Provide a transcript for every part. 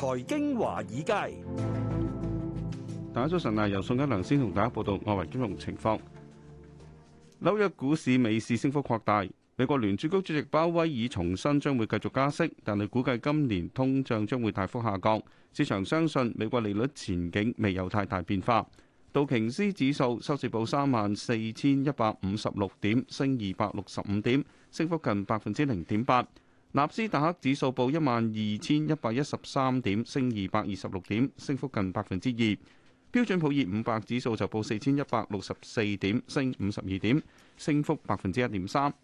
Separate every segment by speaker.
Speaker 1: 財經華爾街，大家早晨啊！由宋嘉良先同大家報道外圍金融情況。紐約股市尾市升幅擴大，美國聯儲局主席鮑威爾重申將會繼續加息，但佢估計今年通脹將會大幅下降。市場相信美國利率前景未有太大變化。道瓊斯指數收市報三萬四千一百五十六點，升二百六十五點，升幅近百分之零點八。納斯達克指數報一萬二千一百一十三點，升二百二十六點，升幅近百分之二。標準普爾五百指數就報四千一百六十四點，升五十二點，升幅百分之一點三。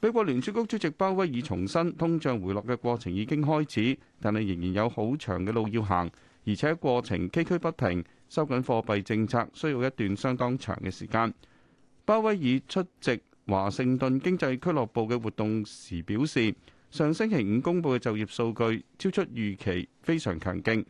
Speaker 1: 美國聯儲局主席鮑威爾重申，通脹回落嘅過程已經開始，但係仍然有好長嘅路要行，而且過程崎嶇不平。收緊貨幣政策需要一段相當長嘅時間。鮑威爾出席華盛頓經濟俱樂部嘅活動時表示，上星期五公布嘅就業數據超出預期，非常強勁，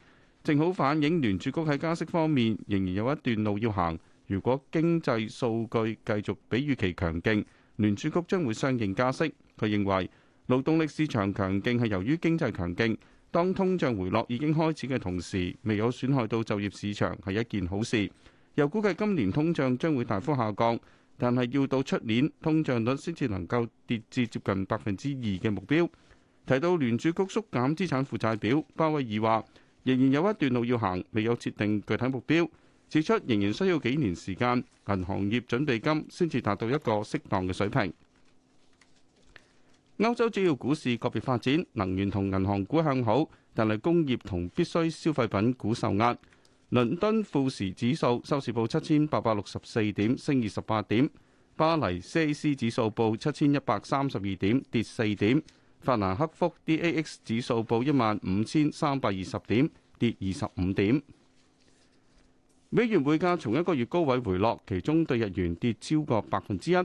Speaker 1: 正好反映聯儲局喺加息方面仍然有一段路要行。如果經濟數據繼續比預期強勁，聯儲局將會相應加息。佢認為勞動力市場強勁係由於經濟強勁，當通脹回落已經開始嘅同時，未有損害到就業市場係一件好事。又估計今年通脹將會大幅下降。但係要到出年，通脹率先至能夠跌至接近百分之二嘅目標。提到聯儲局縮減資產負債表，鮑威爾話仍然有一段路要行，未有設定具體目標，指出仍然需要幾年時間，銀行業準備金先至達到一個適當嘅水平。歐洲主要股市個別發展，能源同銀行股向好，但係工業同必需消費品股受壓。倫敦富時指數收市報七千八百六十四點，升二十八點。巴黎 CAC 指數報七千一百三十二點，跌四點。法蘭克福 DAX 指數報一萬五千三百二十點，跌二十五點。美元匯價從一個月高位回落，其中對日元跌超過百分之一。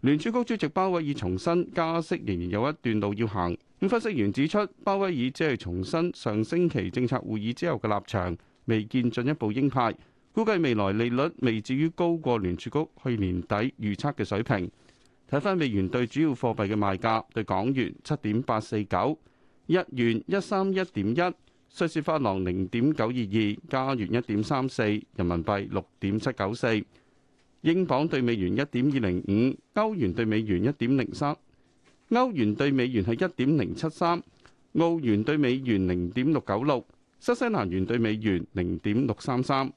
Speaker 1: 聯儲局主席鮑威爾重申加息仍然有一段路要行。咁分析員指出，鮑威爾只係重申上星期政策會議之後嘅立場。未見進一步鷹派，估計未來利率未至於高過聯儲局去年底預測嘅水平。睇返美元對主要貨幣嘅賣價，對港元七點八四九，日元一三一點一，瑞士法郎零點九二二，加元一點三四，人民幣六點七九四，英鎊對美元一點二零五，歐元對美元一點零三，歐元對美元係一點零七三，澳元對美元零點六九六。新西蘭元對美元零點六三三，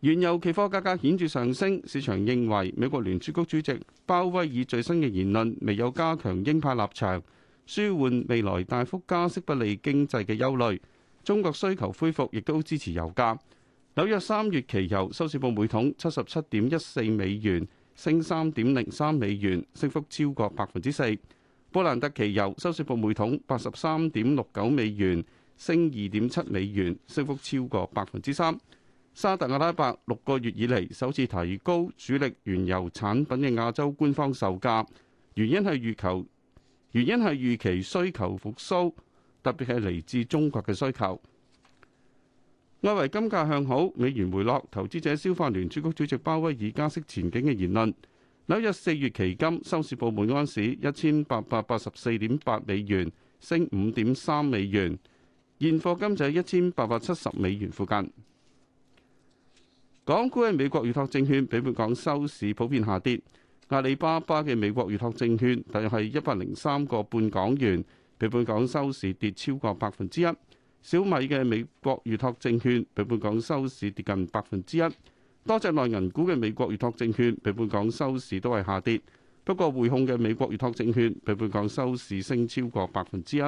Speaker 1: 原油期貨價格顯著上升，市場認為美國聯儲局主席鮑威爾最新嘅言論未有加強鷹派立場，舒緩未來大幅加息不利經濟嘅憂慮。中國需求恢復亦都支持油價。紐約三月期油收市報每桶七十七點一四美元，升三點零三美元，升幅超過百分之四。布蘭特期油收市報每桶八十三點六九美元，升二點七美元，升幅超過百分之三。沙特阿拉伯六個月以嚟首次提高主力原油產品嘅亞洲官方售價，原因係預求，原因係預期需求復甦，特別係嚟自中國嘅需求。外圍金價向好，美元回落，投資者消化聯儲局主席鮑威爾加息前景嘅言論。紐約四月期金收市報每安士一千八百八十四點八美元，升五點三美元。現貨金就喺一千八百七十美元附近。港股嘅美國預託證券比本港收市普遍下跌。阿里巴巴嘅美國預託證券大約係一百零三個半港元，比本港收市跌超過百分之一。小米嘅美國預託證券比本港收市跌近百分之一。多隻內銀股嘅美國預託證券，比本港收市都係下跌。不過，匯控嘅美國預託證券，比本港收市升超過百分之一。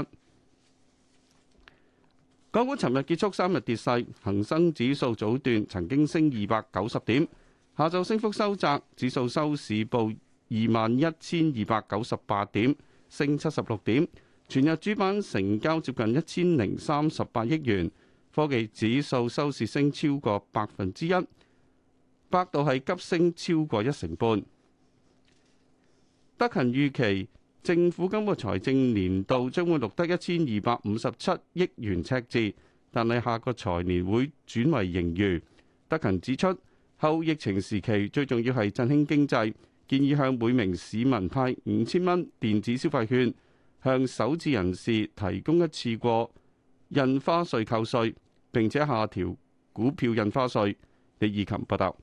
Speaker 1: 港股尋日結束三日跌勢，恒生指數早段曾經升二百九十點，下晝升幅收窄，指數收市報二萬一千二百九十八點，升七十六點。全日主板成交接近一千零三十八億元，科技指數收市升超過百分之一。百度係急升超過一成半。德勤預期政府今個財政年度將會錄得一千二百五十七億元赤字，但係下個財年會轉為盈餘。德勤指出，後疫情時期最重要係振興經濟，建議向每名市民派五千蚊電子消費券，向首置人士提供一次過印花稅扣稅，並且下調股票印花稅。李以琴報道。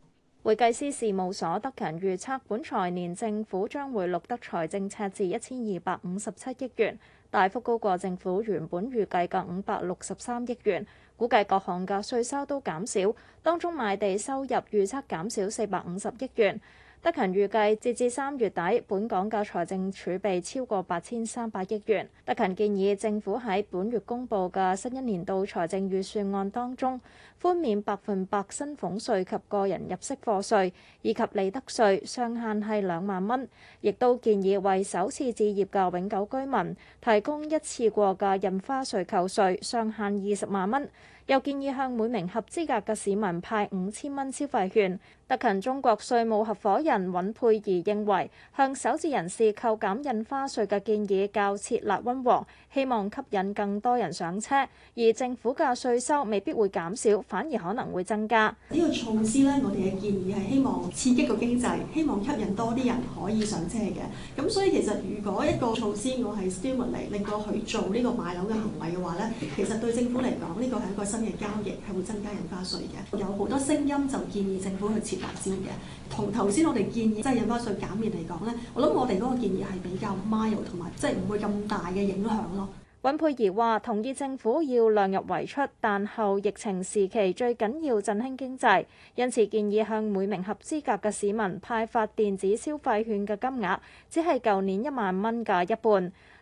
Speaker 2: 會計師事務所德勤預測，本財年政府將會錄得財政赤字一千二百五十七億元，大幅高過政府原本預計嘅五百六十三億元。估計各項嘅稅收都減少，當中賣地收入預測減少四百五十億元。德勤預計截至三月底，本港嘅財政儲備超過八千三百億元。德勤建議政府喺本月公布嘅新一年度財政預算案當中，寬免百分百薪俸稅及個人入息課稅，以及利得稅上限係兩萬蚊，亦都建議為首次置業嘅永久居民提供一次過嘅印花稅扣稅上限二十萬蚊。又建議向每名合資格嘅市民派五千蚊消費券。特勤中國稅務合夥人尹佩儀認為，向首置人士扣減印花稅嘅建議較設立温和，希望吸引更多人上車，而政府嘅稅收未必會減少，反而可能會增加。呢個措施呢，我哋嘅建議係希望刺激個經濟，希望吸引多啲人可以上車嘅。咁所以其實如果一個措施我係 stimulate 嚟令到佢做呢個買樓嘅行為嘅話呢，其實對政府嚟講呢個係一個。新嘅交易係會增加印花稅嘅，有好多聲音就建議政府去設立招嘅。同頭先我哋建議即係印花稅減免嚟講呢，我諗我哋嗰個建議係比較 mild 同埋即係唔會咁大嘅影響咯。尹佩儀話：同意政府要量入為出，但後疫情時期最緊要振興經濟，因此建議向每名合資格嘅市民派發電子消費券嘅金額，只係舊年一萬蚊嘅一半。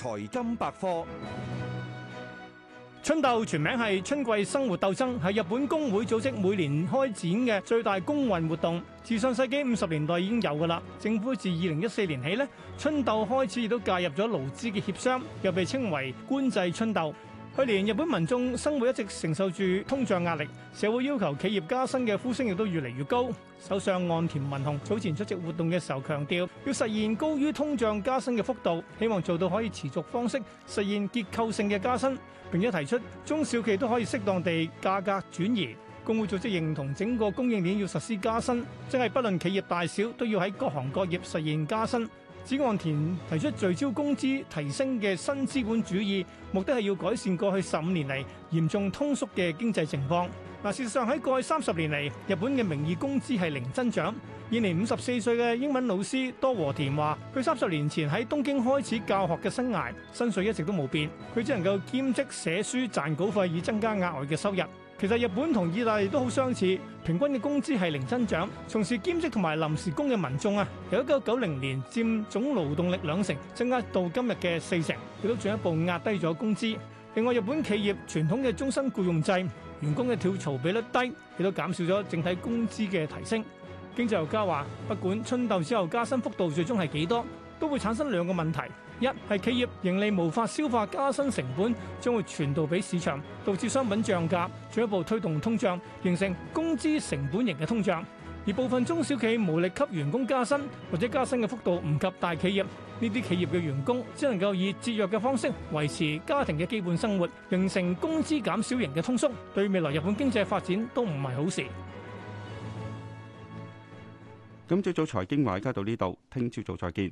Speaker 3: 財金百科，春鬥全名係春季生活鬥爭，係日本工會組織每年開展嘅最大工運活動。自上世紀五十年代已經有噶啦，政府自二零一四年起呢，春鬥開始亦都介入咗勞資嘅協商，又被稱為官製春鬥。去年日本民眾生活一直承受住通脹壓力，社會要求企業加薪嘅呼聲亦都越嚟越高。首相岸田文雄早前出席活動嘅時候強調，要實現高於通脹加薪嘅幅度，希望做到可以持續方式實現結構性嘅加薪。並且提出中小企都可以適當地價格轉移。工會組織認同整個供應鏈要實施加薪，即係不論企業大小都要喺各行各業實現加薪。子岸田提出聚焦工資提升嘅新資本主義，目的係要改善過去十五年嚟嚴重通縮嘅經濟情況。嗱，事實上喺過去三十年嚟，日本嘅名義工資係零增長，現年五十四歲嘅英文老師多和田話，佢三十年前喺東京開始教學嘅生涯，薪水一直都冇變，佢只能夠兼職寫書賺稿費以增加額外嘅收入。其實日本同意大利都好相似，平均嘅工資係零增長。從事兼職同埋臨時工嘅民眾啊，由一九九零年佔總勞動力兩成，增加到今日嘅四成，亦都進一步壓低咗工資。另外，日本企業傳統嘅終身僱用制，員工嘅跳槽比率低，亦都減少咗整體工資嘅提升。經濟學家話，不管春鬥之後加薪幅度最終係幾多，都會產生兩個問題。一係企業盈利無法消化加薪成本，將會傳導俾市場，導致商品漲價，進一步推動通脹，形成工資成本型嘅通脹；而部分中小企無力給員工加薪，或者加薪嘅幅度唔及大企業，呢啲企業嘅員工只能夠以節約嘅方式維持家庭嘅基本生活，形成工資減少型嘅通縮，對未來日本經濟發展都唔係好事。
Speaker 1: 咁朝早財經華爾街到呢度，聽朝早再見。